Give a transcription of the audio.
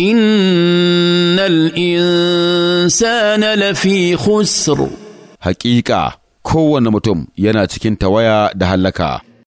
ان الانسان لفي خسر Haƙiƙa kowane mutum yana cikin tawaya da hallaka